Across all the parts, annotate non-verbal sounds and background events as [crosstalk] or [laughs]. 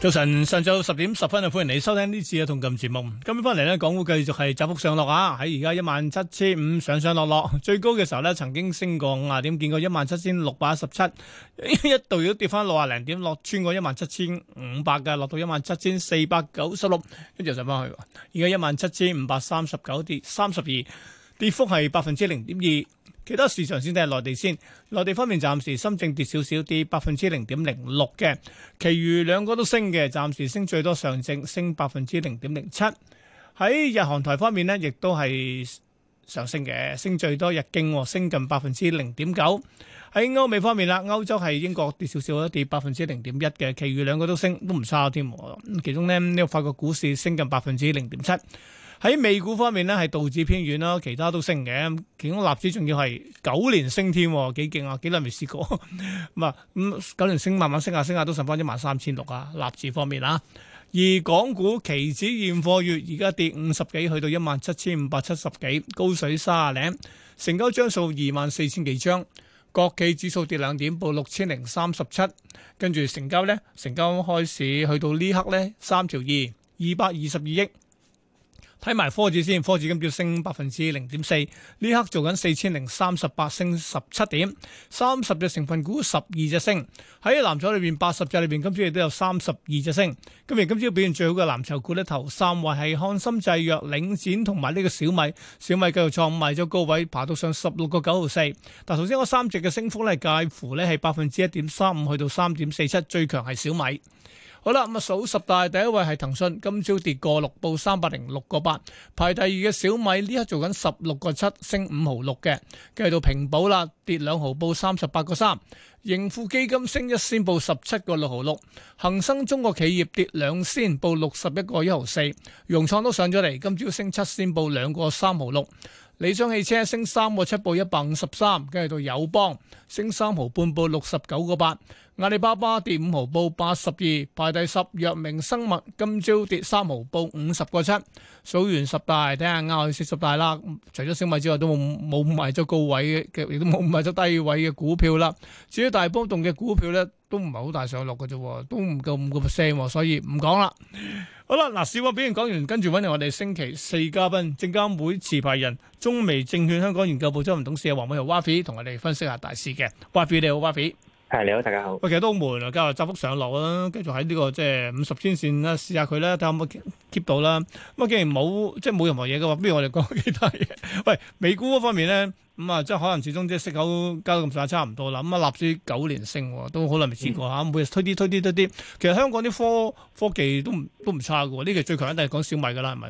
早晨，上晝十點十分啊，歡迎你收聽呢次嘅一桶金節目。今日翻嚟呢，港股繼續係窄幅上落啊！喺而家一萬七千五上上落落，最高嘅時候呢，曾經升過五啊點，見過一萬七千六百一十七，一度要跌翻六廿零點落，穿過一萬七千五百嘅，落到一萬七千四百九十六，跟住就上翻去。而家一萬七千五百三十九跌三十二，跌幅係百分之零點二。其他市場先定係內地先，內地方面暫時深證跌少少，跌百分之零點零六嘅，其餘兩個都升嘅，暫時升最多上證升百分之零點零七。喺日韓台方面呢，亦都係上升嘅，升最多日經升近百分之零點九。喺歐美方面啦，歐洲係英國跌少少，跌百分之零點一嘅，其餘兩個都升，都唔差添。其中呢，呢個法國股市升近百分之零點七。喺美股方面咧，係道指偏軟啦，其他都升嘅。其中納指仲要係九年升添幾勁啊！幾耐未試過咁啊？咁九年升，呵呵年升慢慢升下升下，都剩翻一萬三千六啊！納指方面啊，而港股期指現貨月而家跌五十幾，去到一萬七千五百七十幾，高水三啊零，成交張數二萬四千幾張。國企指數跌兩點，報六千零三十七。跟住成交咧，成交開市去到呢刻咧三條二，二百二十二億。睇埋科指先，科指今朝升百分之零點四，呢刻做緊四千零三十八升十七點，三十隻成分股十二隻升，喺藍籌裏邊八十隻裏邊今朝亦都有三十二隻升。今日今朝表現最好嘅藍籌股呢，頭三位係翰森製藥、領展同埋呢個小米，小米繼續創埋咗高位，爬到上十六個九毫四。但頭先嗰三隻嘅升幅呢，介乎呢係百分之一點三五去到三點四七，最強係小米。好啦，咁啊，數十大第一位係騰訊，今朝跌過六，報三百零六個八。排第二嘅小米呢刻做緊十六個七，升五毫六嘅。繼續平保啦，跌兩毫報三十八個三。盈富基金升一先報十七個六毫六。恒生中國企業跌兩先報六十一個一毫四。融創都上咗嚟，今朝升七先報兩個三毫六。理想汽車升三個七報一百五十三，跟住到友邦升三毫半報六十九個八，阿里巴巴跌五毫報八十二，排第十。藥明生物今朝跌三毫報五十個七。數完十大，睇下啱我寫十大啦。除咗小米之外，都冇冇賣咗高位嘅，亦都冇賣咗低位嘅股票啦。至於大波動嘅股票咧。都唔係好大上落嘅啫，都唔夠五個 percent，所以唔講啦。好啦，嗱，市況表現講完，跟住揾嚟我哋星期四嘉賓，證監會持牌人中微證券香港研究部執行董事黃偉豪 Wafi 同我哋分析下大市嘅。Wafi 你好，Wafi 係你好，大家好。喂，其實都好悶啊，今日窄幅上落啦，繼續喺呢個即係五十天線啦，試下佢啦，睇下可唔可 keep 到啦。咁啊，既然冇即係冇任何嘢嘅話，不如我哋講其他嘢。喂，美股嗰方面咧。咁、嗯、啊，即係可能始終即係息口加咁曬，差唔多啦。咁啊，納斯九連升，都很知、嗯啊、不好耐未試過嚇。每日推啲推啲推啲。其實香港啲科科技都唔都唔差嘅喎。呢個最強一定係講小米㗎啦，係咪？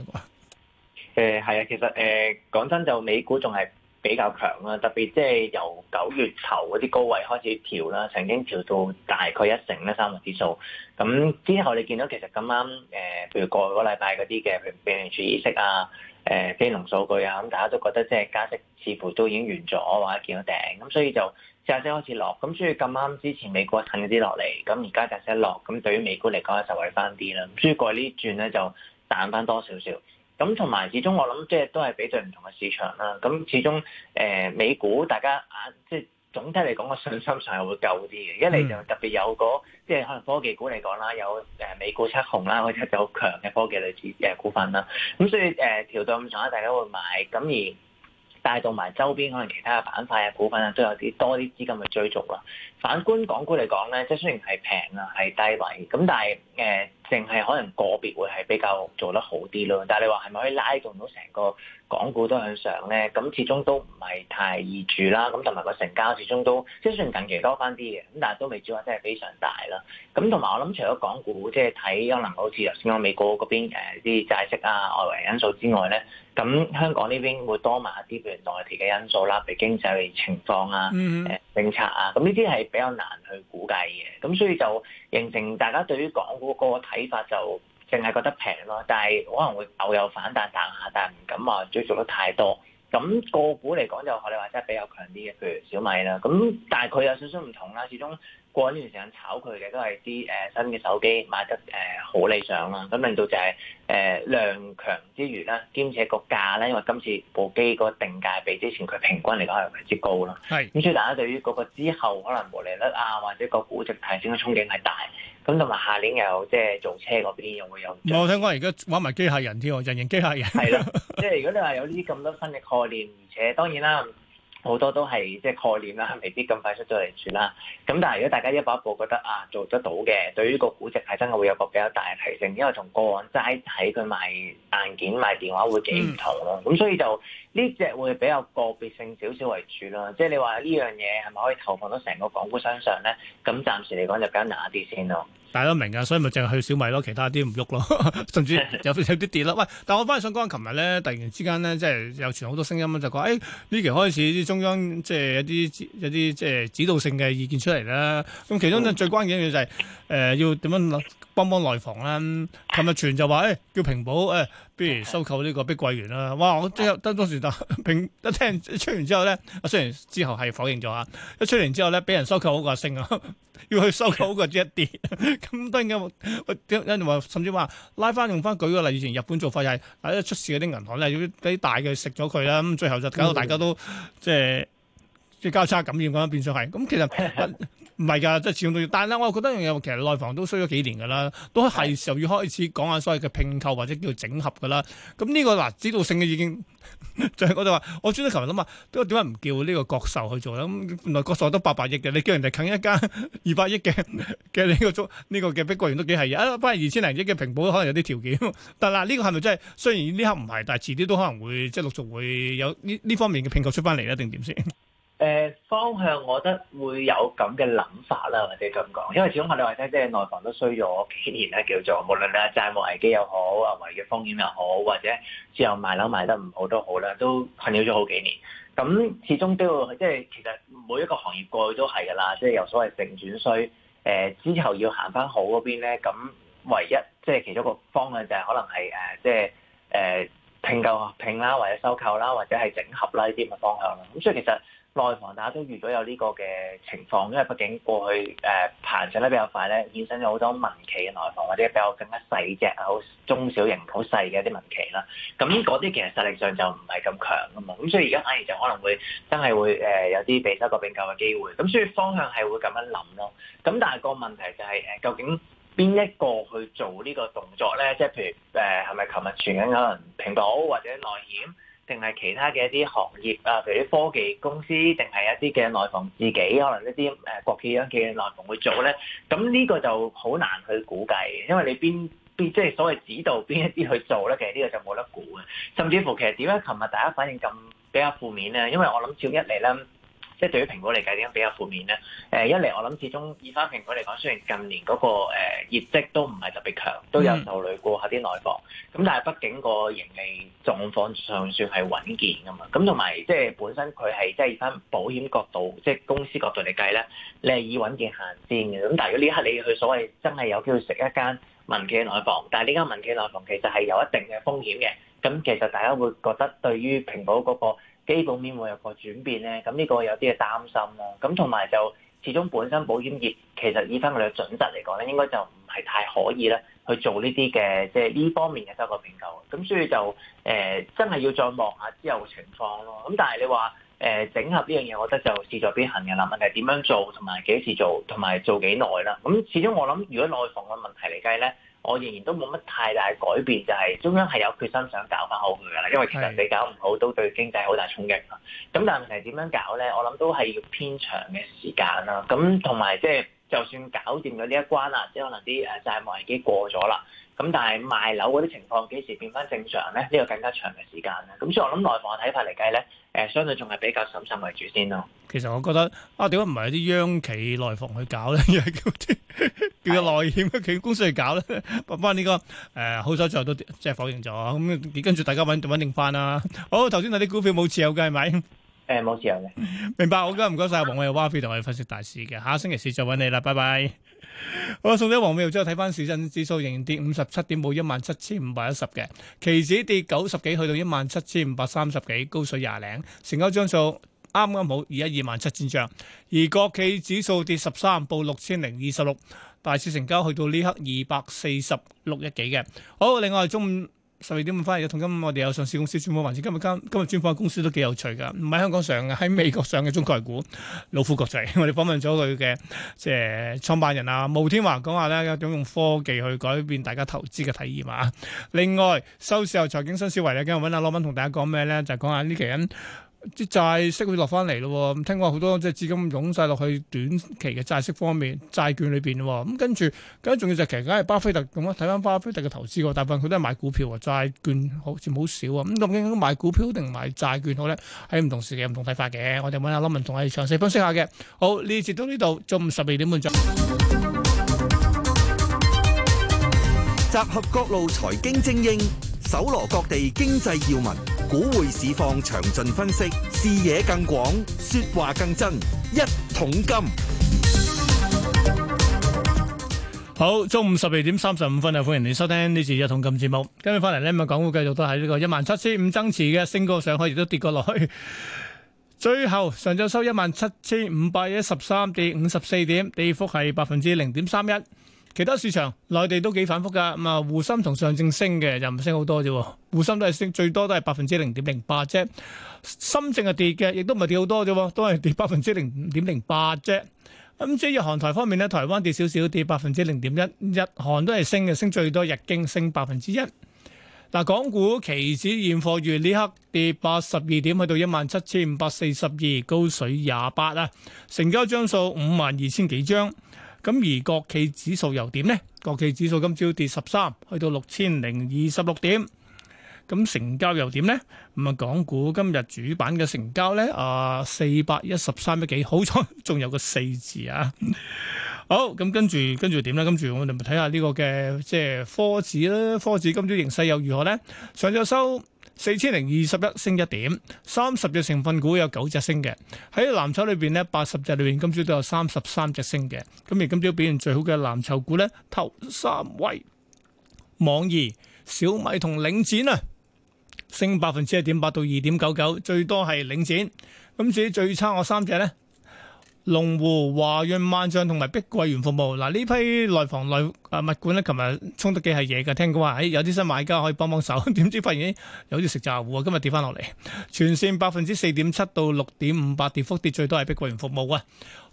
誒係啊，其實誒講、欸、真就美股仲係比較強啦，特別即係由九月頭嗰啲高位開始調啦，曾經調到大概一成咧，三個指數。咁之後你見到其實咁啱誒，譬如過個禮，禮拜嗰啲嘅譬如美元主意識啊。誒非農數據啊，咁大家都覺得即係加息似乎都已經完咗，或者見到頂，咁所以就債息開始落，咁所以咁啱之前美國趁嗰啲落嚟，咁而家債息落，咁對於美股嚟講咧就受惠翻啲啦，咁所以過呢轉咧就彈翻多少少，咁同埋始終我諗即係都係比對唔同嘅市場啦，咁始終誒美股大家即係。總體嚟講個信心上係會夠啲嘅，一嚟就特別有嗰即係可能科技股嚟講啦，有誒美股七雄啦，或者有強嘅科技類似誒股份啦，咁所以誒調、呃、到咁上，大家會買，咁而帶動埋周邊可能其他嘅板塊嘅股份啊，都有啲多啲資金去追逐啦。反觀港股嚟講咧，即係雖然係平啊，係低位，咁但係誒，淨、呃、係可能個別會係比較做得好啲咯。但係你話係咪可以拉動到成個港股都向上咧？咁始終都唔係太易住啦。咁同埋個成交始終都即係雖然近期多翻啲嘅，咁但係都未至於真係非常大啦。咁同埋我諗，除咗港股，即係睇可能好似頭先講美國嗰邊啲債息啊、外圍因素之外咧，咁香港呢邊會多埋一啲譬如內地嘅因素啦，譬如經濟嘅情況啊、政、mm、策 -hmm. 呃、啊，咁呢啲係。比較難去估計嘅，咁所以就形成大家對於港股個睇法就淨係覺得平咯，但係可能會偶有反彈彈下，但係唔敢話追逐得太多。咁個股嚟講就學你話真係比較強啲嘅，譬如小米啦，咁但係佢有少少唔同啦，始終。過呢段時間炒佢嘅都係啲誒新嘅手機賣得誒好、呃、理想啦，咁令到就係、是、誒、呃、量強之餘啦，兼且個價咧，因為今次部機個定價比之前佢平均嚟講係非常之高啦。係。咁所以大家對於嗰個之後可能毛利率啊，或者個估值提升嘅憧憬係大。咁同埋下年又即係造車嗰邊又會有。我聽講而家玩埋機械人添喎，人形機械人。係咯 [laughs] ，即係如果你話有呢啲咁多新嘅概念，而且當然啦。好多都係即係概念啦，未必咁快出咗嚟住啦。咁但係如果大家一步一步覺得啊做得到嘅，對於個估值係真係會有個比較大嘅提升，因為同過往齋睇佢賣硬件賣電話會幾唔同咯。咁、嗯、所以就呢隻、這個、會比較個別性少少為主啦。即係你話呢樣嘢係咪可以投放到成個港股身上咧？咁暫時嚟講就比較難一啲先咯。大家都明噶，所以咪淨係去小米咯，其他啲唔喐咯，甚至有有啲跌啦喂，但係我翻去想講，琴日咧突然之間咧，即係又傳好多聲音，就講誒呢期開始中央即係有啲有啲即係指導性嘅意見出嚟啦。咁其中咧最關鍵嘅就係、是、誒、呃、要點樣諗。幫幫內房啦！琴、嗯、日傳就話誒叫平保誒，不、欸、如收購呢個碧桂園啦。哇！我即係當當時就平一聽出完之後咧，雖然之後係否認咗嚇。一出完之後咧，俾人收購好過升啊！要去收購好過一跌、 [laughs] 嗯。咁當然嘅，有人話甚至話拉翻用翻，舉個例，以前日本做法就係喺出事嗰啲銀行咧，要俾大嘅食咗佢啦。咁最後就搞到大家都即係即交叉感染咁變相係咁。其實，呃唔係噶，即係始終都要。但係咧，我又覺得一樣嘢，其實內房都衰咗幾年㗎啦，都係時候要開始講下所謂嘅拼購或者叫做整合㗎啦。咁呢個嗱指導性嘅已經就係我哋話，我專登琴日諗話，點解唔叫呢個國壽去做咧？咁原來國壽都八百億嘅，你叫人哋啃一間二百億嘅嘅呢個租呢個嘅碧桂園都幾係啊，不過二千零億嘅平保可能有啲條件。但係呢個係咪真係？雖然呢刻唔係，但係遲啲都可能會即係陸續會有呢呢方面嘅拼購出翻嚟一定點先？誒、呃、方向，我覺得會有咁嘅諗法啦，或者咁講，因為始終我哋話聽，即係內房都衰咗幾年啦，叫做無論啊債務危機又好，或者違約風險又好，或者之後賣樓賣得唔好都好啦，都困擾咗好幾年。咁始終都要即係其實每一個行業過去都係㗎啦，即係由所謂盛轉衰。誒、呃、之後要行返好嗰邊咧，咁唯一即係其中一個方向就係、是、可能係即係誒、呃、併購併啦，或者收購啦，或者係整合啦呢啲咁嘅方向啦。咁所以其實。內房大家都遇到有呢個嘅情況，因為畢竟過去誒膨脹得比較快咧，衍生咗好多民企嘅內房或者比較更加細隻、好中小型、好細嘅一啲民企啦。咁嗰啲其實實力上就唔係咁強啊嘛。咁所以而家反而就可能會真係會誒、呃、有啲被收購併購嘅機會。咁所以方向係會咁樣諗咯。咁但係個問題就係、是、誒究竟邊一個去做呢個動作咧？即係譬如誒係咪琴日傳緊可能平保或者內險？定係其他嘅一啲行業啊，譬如啲科技公司，定係一啲嘅內房自己，可能一啲誒國企央企嘅內房去做咧。咁呢個就好難去估計，因為你邊邊即係所謂指導邊一啲去做咧，其實呢個就冇得估嘅。甚至乎其實點解琴日大家反應咁比較負面咧？因為我諗照一嚟咧。即係對於蘋果嚟計點樣比較負面咧？誒一嚟我諗始終以翻蘋果嚟講，雖然近年嗰個誒業績都唔係特別強，都有受累過下啲內房。咁但係畢竟個盈利狀況尚算係穩健噶嘛。咁同埋即係本身佢係即係以翻保險角度，即係公司角度嚟計咧，你係以穩健行先嘅。咁但係如果呢一刻你去所謂真係有機會食一間民企內房，但係呢間民企內房其實係有一定嘅風險嘅。咁其實大家會覺得對於蘋果嗰個基本面會有個轉變咧，咁呢個有啲嘅擔心咯、啊。咁同埋就始終本身保險業其實依返佢嘅準則嚟講咧，應該就唔係太可以咧去做呢啲嘅即係呢方面嘅收購併購。咁所以就誒、呃、真係要再望下之後嘅情況咯、啊。咁但係你話、呃、整合呢樣嘢，我覺得就勢在必行嘅。嗱，問題係點樣做，同埋幾時做，同埋做幾耐啦。咁始終我諗，如果內房嘅問題嚟計咧。我仍然都冇乜太大改變，就係、是、中央係有決心想搞翻好佢噶啦，因為其實你搞唔好都對經濟好大衝擊咯。咁但係問題點樣搞咧？我諗都係要偏長嘅時間啦。咁同埋即係就算搞掂咗呢一關啦，即係可能啲誒債務危機過咗啦。咁但係賣樓嗰啲情況幾時變翻正常咧？呢個更加長嘅時間。咁所以我諗內房嘅睇法嚟計咧，誒、呃、相對仲係比較審慎為主先咯。其實我覺得啊，點解唔係啲央企內房去搞咧，而係叫啲叫內險嘅公司去搞咧？返呢、這個誒、呃，好在在都即係否認咗。咁、就是嗯、跟住大家穩穩定翻啦、啊。好、哦，頭先嗰啲股票冇持有嘅係咪？誒，冇持有嘅。明白，我覺得唔該晒。黃偉嘅巴菲特同我哋分析大事嘅。下個星期四再揾你啦，拜拜。好啦，送咗黃妙之後，之後睇翻市震指數仍然跌五十七點，報一萬七千五百一十嘅，期指跌九十幾，去到一萬七千五百三十幾，高水廿零，成交張數啱啱好而家二萬七千張，而國企指數跌十三，報六千零二十六，大市成交去到呢刻二百四十六億幾嘅，好，另外中午。十二點五分有同今天我哋有上市公司專訪環節，今日今今日專訪嘅公司都幾有趣噶，唔係香港上嘅，喺美國上嘅中概股老虎國際，我哋訪問咗佢嘅即係創辦人啊，毛天華講下咧點用科技去改變大家投資嘅體驗啊。另外收市後財經新思維咧，今日揾阿羅文同大家講咩咧，就講下呢期人。啲債息會落翻嚟咯，咁聽講好多即係資金湧晒落去短期嘅債息方面、債券裏邊咯，咁跟住，咁樣仲要就是、其實梗係巴菲特咁咯。睇翻巴菲特嘅投資，大部分佢都係買股票啊，債券好似好少啊。咁究竟買股票定買債券好咧？喺唔同時期唔同睇法嘅。我哋揾林文同我哋詳細分析下嘅。好，呢節到呢度，中午十二點半再集合各路財經精英，搜羅各地經濟要聞。股匯市況詳盡分析，視野更廣，說話更真。一桶金，好，中午十二點三十五分啊，歡迎你收聽呢次一桶金節目。今日翻嚟咧，咪港股繼續都喺呢個一萬七千五增持嘅升過上去，亦都跌過落去。最後上晝收一萬七千五百一十三跌五十四點，跌幅係百分之零點三一。其他市場內地都幾反覆㗎，咁啊，滬深同上證升嘅就唔升好多啫，滬深都係升，最多都係百分之零點零八啫，深證係跌嘅，亦都唔係跌好多啫，都係跌百分之零點零八啫。咁、嗯、至日韓台方面呢，台灣跌少少，跌百分之零點一，日韓都係升嘅，升最多日經升百分之一。嗱，港股期指現貨月呢刻跌八十二點，去到一萬七千五百四十二，高水廿八啊，成交張數五萬二千幾張。咁而國企指數又點呢？國企指數今朝跌十三，去到六千零二十六點。咁成交又點呢？咁啊，港股今日主板嘅成交咧，啊四百一十三億幾，好彩仲有個四字啊！好，咁跟住跟住點咧？跟住我哋咪睇下呢個嘅即係科指啦，科指今朝形勢又如何呢？上咗收四千零二十一，升一點，三十隻成分股有九隻升嘅，喺藍籌裏邊呢，八十隻裏邊今朝都有三十三隻升嘅。咁而今朝表現最好嘅藍籌股咧，頭三位，網易、小米同領展啊！升百分之一點八到二點九九，最多係領展。咁至於最差我三隻呢，龍湖、華潤、萬象同埋碧桂園服務。嗱，呢批內房內。啊、物管咧，琴日衝得幾係嘢噶，聽講話誒有啲新買家可以幫幫手，點知發現有啲食炸糊啊，今日跌翻落嚟，全線百分之四點七到六點五八，跌幅跌最多係碧桂園服務啊。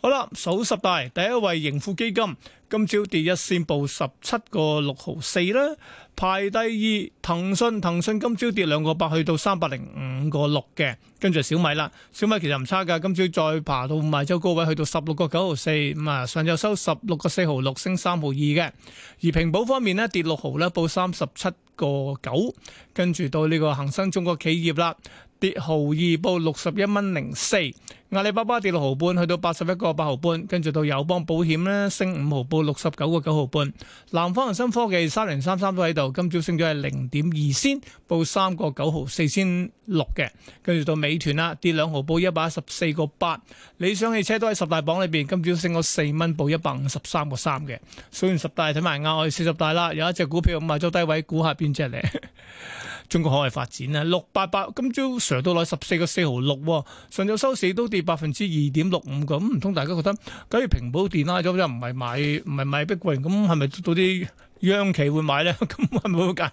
好啦，數十大第一位盈富基金，今朝跌一線報十七個六毫四啦。排第二騰訊，騰訊今朝跌兩個八，去到三百零五個六嘅，跟住小米啦，小米其實唔差噶，今朝再爬到賣周高位去到十六個九毫四，咁啊上晝收十六個四毫六，升三毫二嘅。而平保方面呢，跌六毫呢，報三十七個九，跟住到呢個恒生中國企業啦。跌毫二，報六十一蚊零四。阿里巴巴跌六毫半，去到八十一個八毫半。跟住到友邦保險呢，升五毫，報六十九個九毫半。南方恒生科技三零三三都喺度，今朝升咗係零點二先，報三個九毫四千六嘅。跟住到美團啦，跌兩毫，報一百一十四個八。理想汽車都喺十大榜裏面，今朝升咗四蚊，報一百五十三個三嘅。雖然十大睇，埋我哋四十大啦，有一隻股票買咗低位，估下邊隻嚟？ [laughs] 中國海外發展啊，六八八今朝上到來十四個四毫六，上晝收市都跌百分之二點六五，咁唔通大家覺得假如平保跌啦，咗，就唔係買唔係買碧桂，咁係咪到啲？央企會買咧，咁會唔會揀？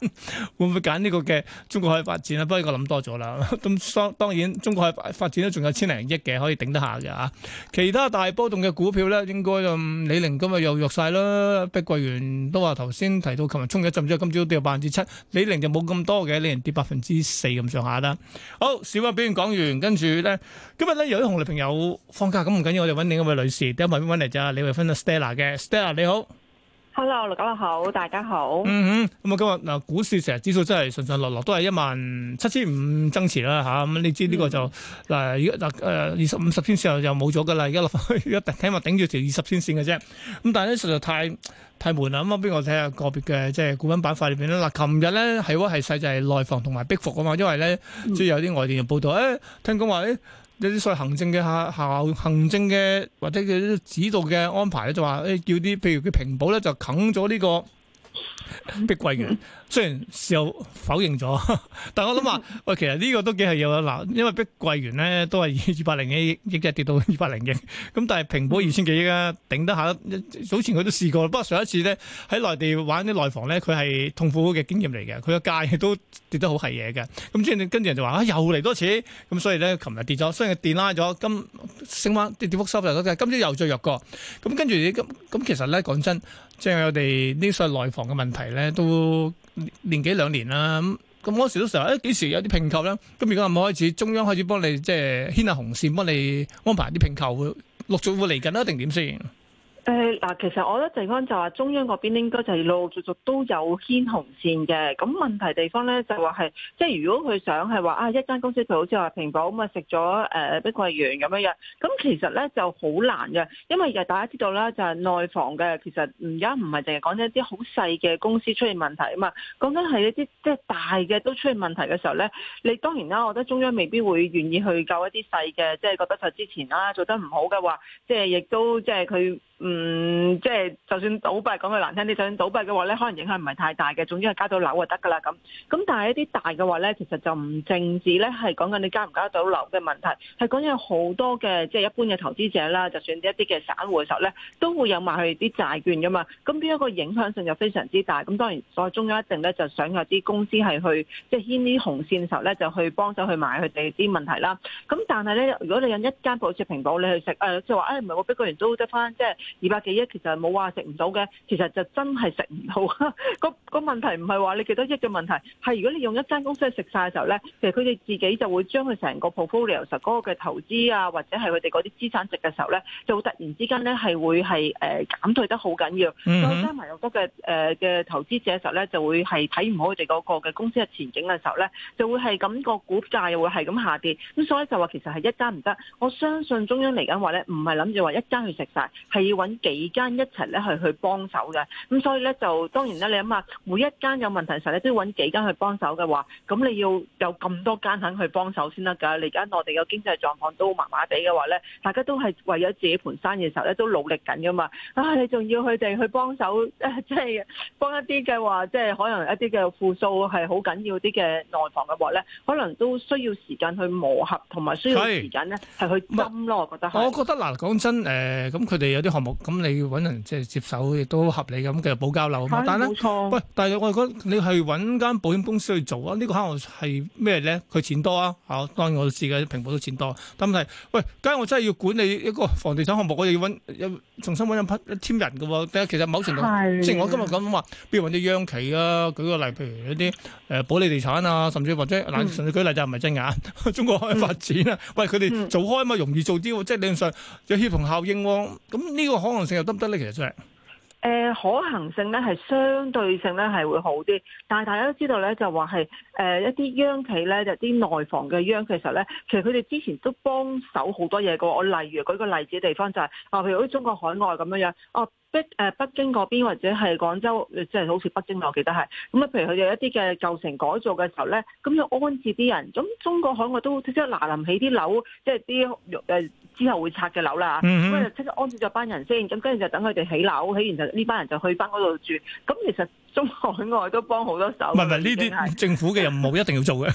會唔會揀呢個嘅中國海發展咧？不過諗多咗啦。咁當當然，中國海發展都仲有千零億嘅可以頂得下嘅。其他大波動嘅股票咧，應該就，嗯，李寧今日又弱晒啦。碧桂園都話頭先提到，琴日衝咗浸咗，今朝跌百分之七。李寧就冇咁多嘅，李寧跌百分之四咁上下啦。好，市況表現講完，跟住咧，今日咧有啲紅利朋友放假，咁唔緊要緊，我哋揾另一位女士，第一位邊嚟咋？李慧芬，Stella 嘅 Stella，你好。Hello 六九六好，大家好。嗯哼，咁啊今日嗱，股市成日指數真係順順落落，都係一萬七千五增持啦吓。咁、啊、你知呢個就嗱，而家嗱誒，二十五十天線又冇咗噶啦。而家落翻去，而家頂起碼頂住條二十天線嘅啫。咁但係咧，實在太太悶啦。咁、就是、啊，邊我睇下個別嘅即係股份板塊裏邊咧？嗱，琴日咧係話係細就係內房同埋逼服啊嘛。因為咧，即、嗯、係有啲外電報道，誒、哎，聽講話誒。哎啲所謂行政嘅，校行政嘅或者啲指導嘅安排咧，就話叫啲譬如佢平保咧，就啃咗呢個。碧桂園雖然事後否認咗，但我諗下，喂，其實呢個都幾係有嗱，因為碧桂園呢都係二百零億億嘅跌到二百零億，咁但係平保二千幾億啊，頂得下。早前佢都試過，不過上一次呢，喺內地玩啲內房咧，佢係痛苦嘅經驗嚟嘅，佢個價都跌得好係嘢嘅。咁跟住人就話又嚟多次，咁所以咧琴日跌咗，雖然跌拉咗，今升翻跌幅收今朝又再弱過。咁跟住咁其實咧講真。即係我哋呢啲所謂內房嘅問題咧，都年幾兩年啦。咁咁時都成日誒幾時有啲拼購咧。咁而家可唔可以開始，中央開始幫你即係牽下紅線，幫你安排啲拼購，陸續會嚟緊啊？定點先？誒，嗱，其實我覺得說循循的的地方就話中央嗰邊應該就係陸陸續續都有牽紅線嘅。咁問題地方咧就話係，即係如果佢想係話啊，一間公司佢好似話平保咁啊食咗誒碧桂園咁樣樣，咁其實咧就好難嘅，因為誒大家知道啦，就係、是、內房嘅，其實而家唔係淨係講一啲好細嘅公司出現問題啊嘛，講緊係一啲即係大嘅都出現問題嘅時候咧，你當然啦、啊，我覺得中央未必會願意去救一啲細嘅，即、就、係、是、覺得就之前啦、啊、做得唔好嘅話，即係亦都即係佢。就是他嗯，即、就、係、是、就算倒閉，講句難聽啲，就算倒閉嘅話咧，可能影響唔係太大嘅，總之係加到樓就得㗎啦咁。咁但係一啲大嘅話咧，其實就唔淨止咧係講緊你能不能加唔加到樓嘅問題，係講緊好多嘅即係一般嘅投資者啦，就算一啲嘅散戶嘅時候咧，都會有埋佢啲債券㗎嘛。咁呢一個影響性就非常之大。咁當然所以中央一定咧就想有啲公司係去即係、就是、牽啲紅線嘅時候咧，就去幫手去買佢哋啲問題啦。咁但係咧，如果你有一間好似平保你去食，誒、哎、就話誒唔係我畀個人都得翻即係。就是二百幾億其實冇話食唔到嘅，其實就真係食唔到。個個問題唔係話你幾多億嘅問題，係如果你用一間公司去食晒嘅時候呢，其實佢哋自己就會將佢成個 portfolio 實嗰個嘅投資啊，或者係佢哋嗰啲資產值嘅時候呢，就會突然之間呢係會係誒減退得好緊要。當、mm -hmm. 加埋好多嘅誒嘅投資者嘅時候呢，就會係睇唔好佢哋嗰個嘅公司嘅前景嘅時候呢，就會係咁、這個股價又會係咁下跌。咁所以就話其實係一間唔得。我相信中央嚟緊話呢，唔係諗住話一間去食晒。係要。揾幾間一齊咧係去幫手嘅，咁所以咧就當然啦，你諗下每一間有問題嘅時候咧都要揾幾間去幫手嘅話，咁你要有咁多間肯去幫手先得㗎。你而家內地嘅經濟狀況都麻麻地嘅話咧，大家都係為咗自己盤生意嘅時候咧都努力緊㗎嘛。啊，你仲要佢哋去幫手，即、啊、係、就是、幫一啲嘅話，即、就、係、是、可能一啲嘅負數係好緊要啲嘅內房嘅話咧，可能都需要時間去磨合，同埋需要時間咧係去斟咯。我覺得，我覺得嗱，講真誒，咁佢哋有啲咁你揾人即係接手，亦都合理咁嘅保交樓。但係冇、哎、喂！但係我覺得你係揾間保險公司去做啊。呢、這個可能係咩咧？佢錢多啊。嚇、啊，當然我試嘅平保都錢多。但問題，喂，梗係我真係要管理一個房地產項目，我哋要揾，要重新揾一批簽人嘅喎。第一，其實某程度，即係我今日咁話，比如揾啲央企啊，舉個例子，譬如一啲誒、呃、保利地產啊，甚至或者嗱，甚、嗯、至舉例就唔係真眼中國可以發展啊？嗯、喂，佢哋做開嘛，容易做啲喎。即係理論上有協同效應喎、啊。咁、嗯、呢、嗯個可行性又得唔得咧？其實真係，誒，可行性咧係相對性咧係會好啲，但係大家都知道咧，就話係誒一啲央企咧就啲內房嘅央企，其實咧，其實佢哋之前都幫手好多嘢嘅。我例如舉個例子嘅地方就係，啊，譬如好似中國海外咁樣樣，哦。北北京嗰邊或者係廣州，即係好似北京我記得係咁啊。譬如佢有一啲嘅舊城改造嘅時候咧，咁要安置啲人，咁中國海外都即刻嗱臨起啲樓，即係啲誒之後會拆嘅樓啦。咁啊，即安置咗班人先，咁跟住就等佢哋起樓，起完就呢班人就去翻嗰度住。咁其實中海外都幫好多手。唔係唔係呢啲政府嘅任務一定要做嘅。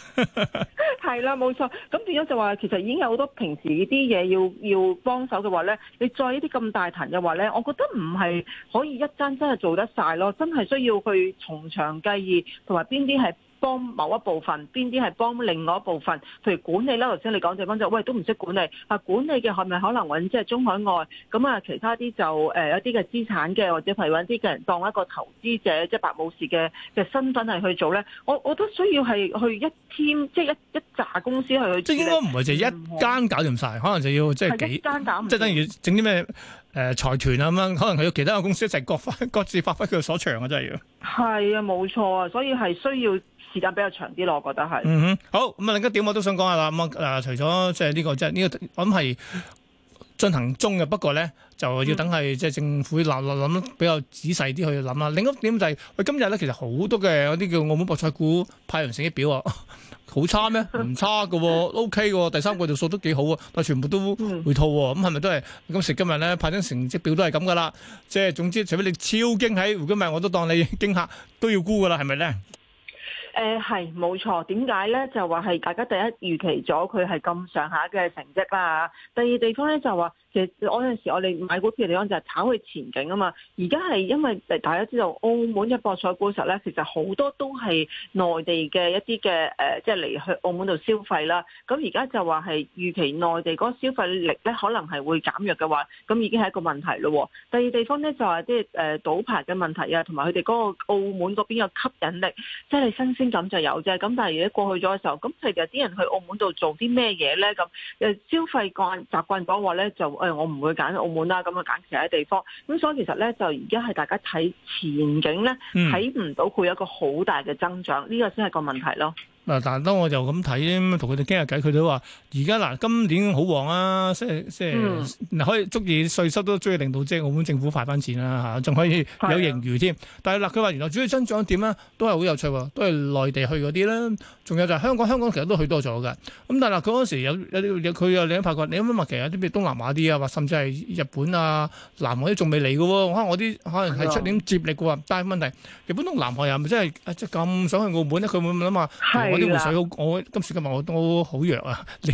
係 [laughs] 啦，冇錯。咁變咗就話，其實已經有好多平時呢啲嘢要要幫手嘅話咧，你再呢啲咁大壇嘅話咧，我覺得唔係。係可以一間真係做得晒咯，真係需要去從長計議，同埋邊啲係，幫某一部分，邊啲係幫另外一部分？譬如管理啦，頭先你講嘅方就，喂都唔識管理，啊管理嘅係咪可能搵即係中海外？咁啊，其他啲就誒、呃、一啲嘅資產嘅，或者係搵啲嘅人當一個投資者，即係白武士嘅嘅身份係去做咧。我我都需要係去一 team，即係一一紮公司去去。即係應該唔係就係一間搞掂晒、嗯，可能就要即係、就是、幾間搞即係等於整啲咩誒財團啊咁樣，可能佢要其他嘅公司一齊各各自發揮佢嘅所長啊！真係要。係啊，冇錯啊，所以係需要。時間比較長啲咯，我覺得係嗯哼好咁啊、嗯。另一點我都想講下啦。咁、嗯、啊、呃，除咗即係呢個即係呢個，我諗係進行中嘅。不過咧，就要等係即係政府諗諗諗比較仔細啲去諗啦。另一點就係、是、喂、哎，今日咧其實好多嘅有啲叫澳門博彩股派完成績表啊，好差咩？唔差嘅，O K 嘅，第三季度數都幾好啊，但全部都回吐喎、哦。咁係咪都係今時今日咧派張成績表都係咁噶啦？即、就、係、是、總之，除非你超驚喜，胡金文我都當你驚嚇都要估噶啦，係咪咧？誒、嗯，係冇錯。點解咧？就話係大家第一預期咗佢係咁上下嘅成績啦。第二地方咧就話。我嗰陣時，我哋買股票嘅地方就係炒佢前景啊嘛。而家係因為大家知道澳門嘅博彩股實咧，其實好多都係內地嘅一啲嘅誒，即係嚟去澳門度消費啦。咁而家就話係預期內地嗰個消費力咧，可能係會減弱嘅話，咁已經係一個問題咯。第二地方咧就係即係誒賭牌嘅問題啊，同埋佢哋嗰個澳門嗰邊嘅吸引力，即係新鮮感就有啫。咁但係如果過去咗嘅時候，咁其實啲人去澳門度做啲咩嘢咧？咁誒消費慣習慣講話咧就我唔會揀澳門啦，咁啊揀其他地方。咁所以其實咧，就而家係大家睇前景咧，睇唔到佢有一個好大嘅增長，呢個先係個問題咯。嗱，但係當我就咁睇同佢哋傾下偈，佢哋都話而家嗱，今年好旺啊，即係即係可以足以稅收都足以令到即係澳門政府快翻錢啦嚇，仲可以有盈餘添。但係嗱，佢話原來主要增長點咧，都係好有趣喎，都係內地去嗰啲啦，仲有就係香港，香港其實都去多咗㗎。咁但係嗱，佢嗰陣時有啲佢有你一派話，你諗下，其實啲譬如東南亞啲啊，或甚至係日本啊、南韓啲仲未嚟嘅喎，我我啲可能係出點接力嘅喎。但係問題，日本東南韓人咪真係咁想去澳門咧？佢會諗下？嗯啲湖水好，我今時今日我都好弱啊！你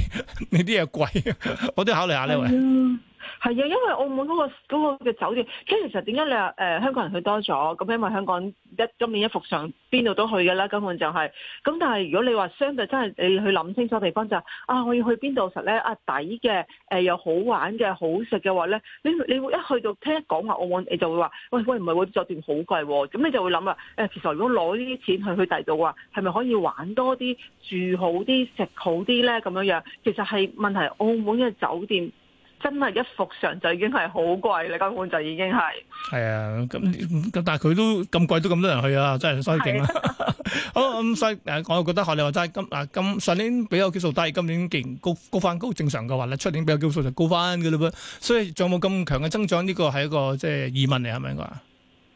你啲嘢貴啊，我都考慮下呢 [laughs] 喂係啊，因為澳門嗰、那個嘅、那個、酒店，即係其實點解你話，誒、呃、香港人去多咗，咁因為香港一今年一復常，邊度都去嘅啦，根本就係、是。咁但係如果你話相對真係你去諗清楚地方就係、是、啊，我要去邊度實咧啊，抵嘅，誒、呃、又好玩嘅，好食嘅話咧，你你會一去到聽講話澳門，你就會話喂喂唔係啲酒店好貴，咁你就會諗啊誒，其實如果攞呢啲錢去去第二度話，係咪可以玩多啲，住好啲，食好啲咧？咁樣樣其實係問題澳門嘅酒店。真係一幅上就已經係好貴啦，根本就已經係。係啊，咁、嗯、咁但係佢都咁貴都咁多人去啊，真係衰勁啦！啊、 [laughs] 好咁、嗯、所以誒，我又覺得學你話齋，今嗱今上年比較基數低，今年勁高高翻高，正常嘅話咧，出年比較基數就高翻嘅啦噃。所以仲有冇咁強嘅增長？呢個係一個即係疑問嚟，係咪應該啊？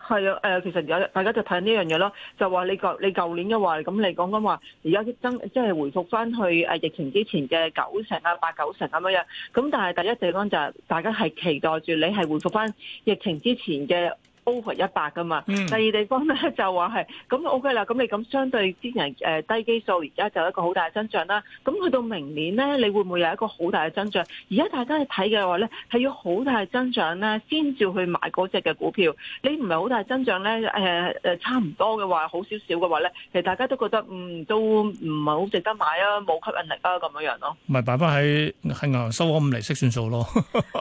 係啊，誒，其實而家大家就睇緊呢樣嘢咯，就話你舊你舊年嘅話，咁你講緊話，而家增即係回復翻去誒疫情之前嘅九成啊、八九成咁樣樣，咁但係第一地方就係、是、大家係期待住你係回復翻疫情之前嘅。高過一百噶嘛，嗯？第二地方咧就話係咁 OK 啦。咁你咁相對之前誒、呃、低基數，而家就一個好大嘅增長啦。咁去到明年咧，你會唔會有一個好大嘅增長？而家大家去睇嘅話咧，係要好大嘅增長咧，先至去買嗰隻嘅股票。你唔係好大嘅增長咧，誒、呃、誒差唔多嘅話，好少少嘅話咧，其實大家都覺得嗯都唔係好值得買啊，冇吸引力啊咁樣樣咯、啊。咪擺翻喺喺銀行收嗰五釐息算數咯。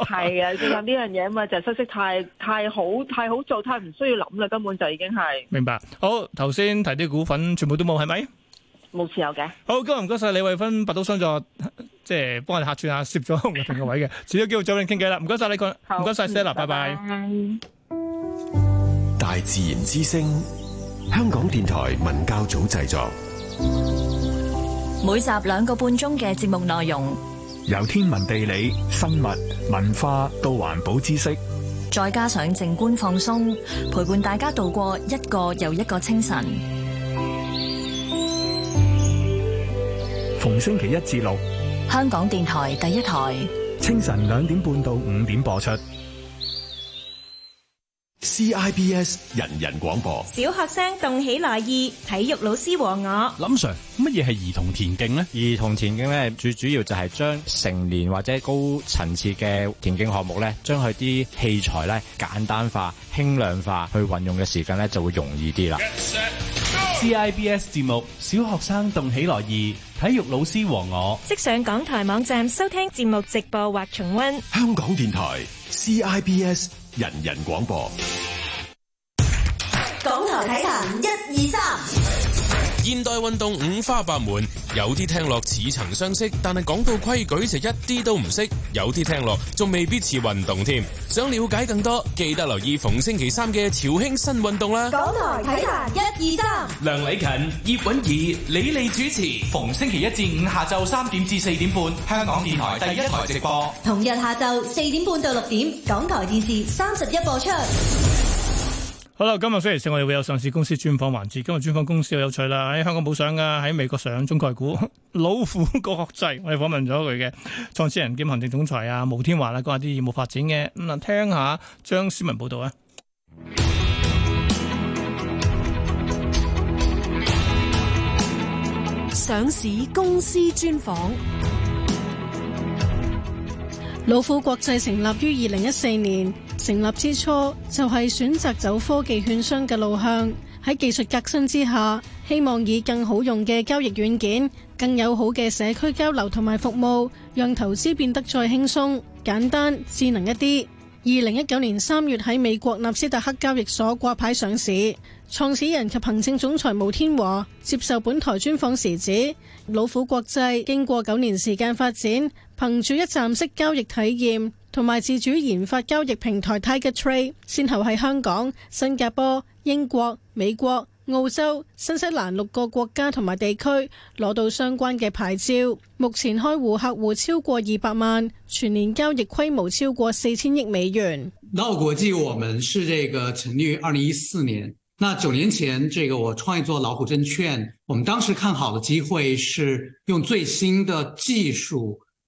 係啊，呢樣嘢啊嘛，就息、就係、收息太太好太好做太唔需要諗啦，根本就已經係明白。好，頭先提啲股份全部都冇，係咪？冇持有嘅。好，唔該晒李慧芬，拔刀相助，即係幫我哋客串下，攝咗同我平個位嘅。遲咗有機會再搵你傾偈啦。唔該晒你講，唔該晒 Shelly，拜拜。大自然之聲，香港電台文教組製作，每集兩個半鐘嘅節目內容，由天文地理、生物、文化到環保知識。再加上靜觀放鬆，陪伴大家度過一個又一個清晨。逢星期一至六，香港電台第一台，清晨兩點半到五點播出。CIBS 人人廣播，小學生動起來意，體育老師和我，林 Sir，乜嘢係兒童田徑呢？兒童田徑咧，最主要就係將成年或者高層次嘅田徑項目咧，將佢啲器材咧簡單化、輕量化去運用嘅時間咧，就會容易啲啦。Set, CIBS 節目，小學生動起來意，體育老師和我，即上港台網站收聽節目直播或重溫。香港電台 CIBS。人人廣播，港台體壇，一二三。現代運動五花八門，有啲聽落似曾相識，但係講到規矩就一啲都唔識，有啲聽落仲未必似運動添。想了解更多，記得留意逢星期三嘅《潮興新運動》啦。港台睇下一二三，梁禮勤、葉允儀、李麗主持，逢星期一至五下晝三點至四點半，香港電台第一台直播。同日下晝四點半到六點，港台電視三十一播出。好啦，今日星期四，我哋會有上市公司專訪環節。今日專訪公司好有趣啦，喺香港冇上㗎，喺美國上中概股老虎國際。我哋訪問咗佢嘅創始人兼行政總裁啊，毛天華啦，講下啲業務發展嘅。咁啊，聽下張思文報道啊！上市公司專訪。老虎國際成立於二零一四年，成立之初就係選擇走科技券商嘅路向。喺技術革新之下，希望以更好用嘅交易軟件、更友好嘅社區交流同埋服務，讓投資變得再輕鬆、簡單、智能一啲。二零一九年三月喺美國納斯達克交易所掛牌上市。創始人及行政總裁毛天華接受本台專訪時指，老虎國際經過九年時間發展。憑住一站式交易體驗同埋自主研發交易平台 Tiger Trade，先後喺香港、新加坡、英國、美國、澳洲、新西蘭六個國家同埋地區攞到相關嘅牌照。目前開戶客戶超過二百萬，全年交易規模超過四千億美元。老虎國際，我們是這個成立於二零一四年。那九年前，這個我創業做老虎證券，我們當時看好的機會是用最新的技術。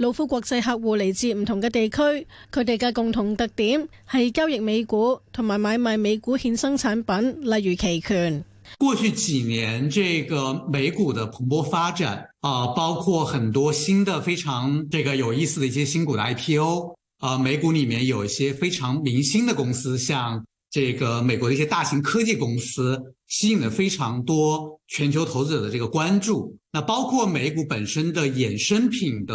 老虎國際客戶嚟自唔同嘅地區，佢哋嘅共同特點係交易美股同埋買賣美股衍生產品，例如期權。過去幾年，這個美股的蓬勃發展啊，包括很多新的非常這個有意思的一些新股的 IPO 啊，美股裡面有一些非常明星的公司，像這個美國一些大型科技公司，吸引了非常多全球投資者的這個關注。那包括美股本身的衍生品的。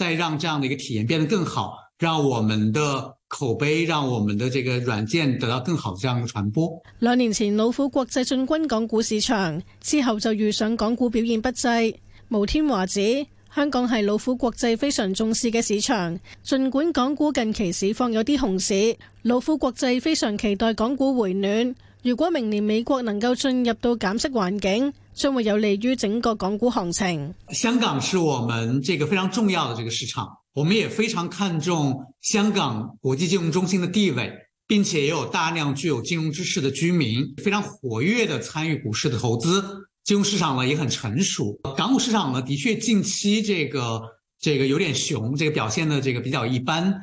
再讓這樣的一個體驗變得更好，讓我們的口碑，讓我們的這個軟件得到更好的這樣一個傳播。兩年前，老虎國際進軍港股市場，之後就遇上港股表現不濟。毛天華指，香港係老虎國際非常重視嘅市場，儘管港股近期市況有啲熊市，老虎國際非常期待港股回暖。如果明年美國能夠進入到減息環境，將會有利於整個港股行情。香港是我們這個非常重要的這個市場，我們也非常看重香港國際金融中心的地位，並且也有大量具有金融知識的居民，非常活躍的參與股市的投資。金融市場呢也很成熟。港股市場呢的確近期這個這個有點熊，這個表現的這個比較一般。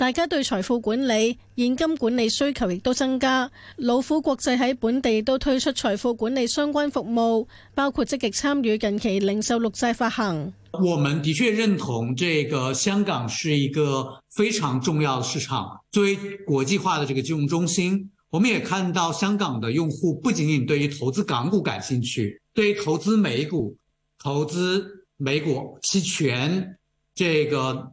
大家對財富管理、現金管理需求亦都增加。老虎國際喺本地都推出財富管理相關服務，包括積極參與近期零售綠債發行。我們的確認同這個香港是一個非常重要的市場，作為國際化的這個金融中心。我們也看到香港的用戶不僅僅對於投資港股感興趣，對於投資美股、投資美股期權，其全這個。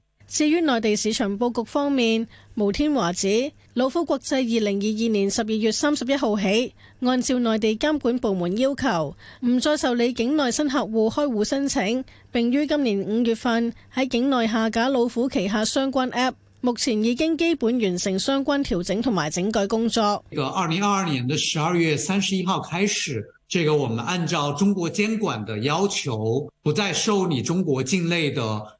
至於內地市場佈局方面，巫天華指老虎國際二零二二年十二月三十一號起，按照內地監管部門要求，唔再受理境內新客戶開戶申請。並於今年五月份喺境內下架老虎旗下相關 App，目前已經基本完成相關調整同埋整改工作。個二零二二年的十二月三十一號開始，這個我們按照中國監管的要求，不再受理中國境內的。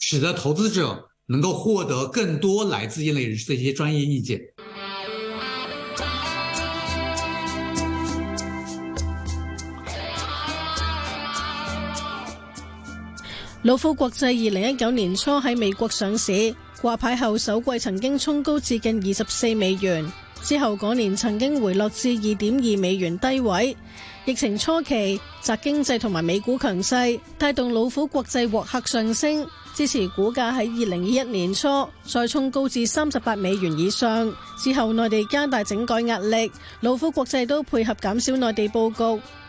使得投資者能夠獲得更多來自業內人士的一些專業意見。老虎國際二零一九年初喺美國上市，掛牌後首季曾經衝高至近二十四美元，之後嗰年曾經回落至二點二美元低位。疫情初期，宅經濟同埋美股強勢，帶動老虎國際獲客上升。支持股價喺二零二一年初再衝高至三十八美元以上，之後內地加大整改壓力，老虎國際都配合減少內地布局，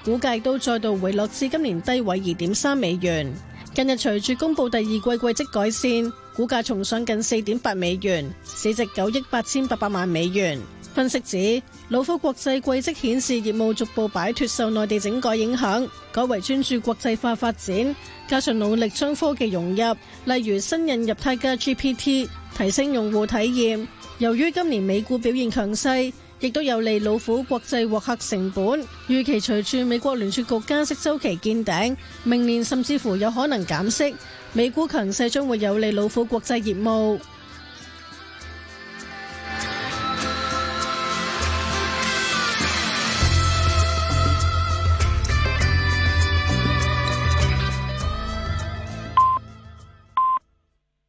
股價都再度回落至今年低位二點三美元。近日隨住公布第二季季績改善，股價重上近四點八美元，市值九億八千八百萬美元。分析指，老虎國際季績顯示業務逐步擺脫受內地整改影響，改為專注國際化發展，加上努力將科技融入，例如新引入泰加 GPT，提升用戶體驗。由於今年美股表現強勢，亦都有利老虎國際獲客成本。預期隨住美國聯儲局加息周期見頂，明年甚至乎有可能減息，美股強勢將會有利老虎國際業務。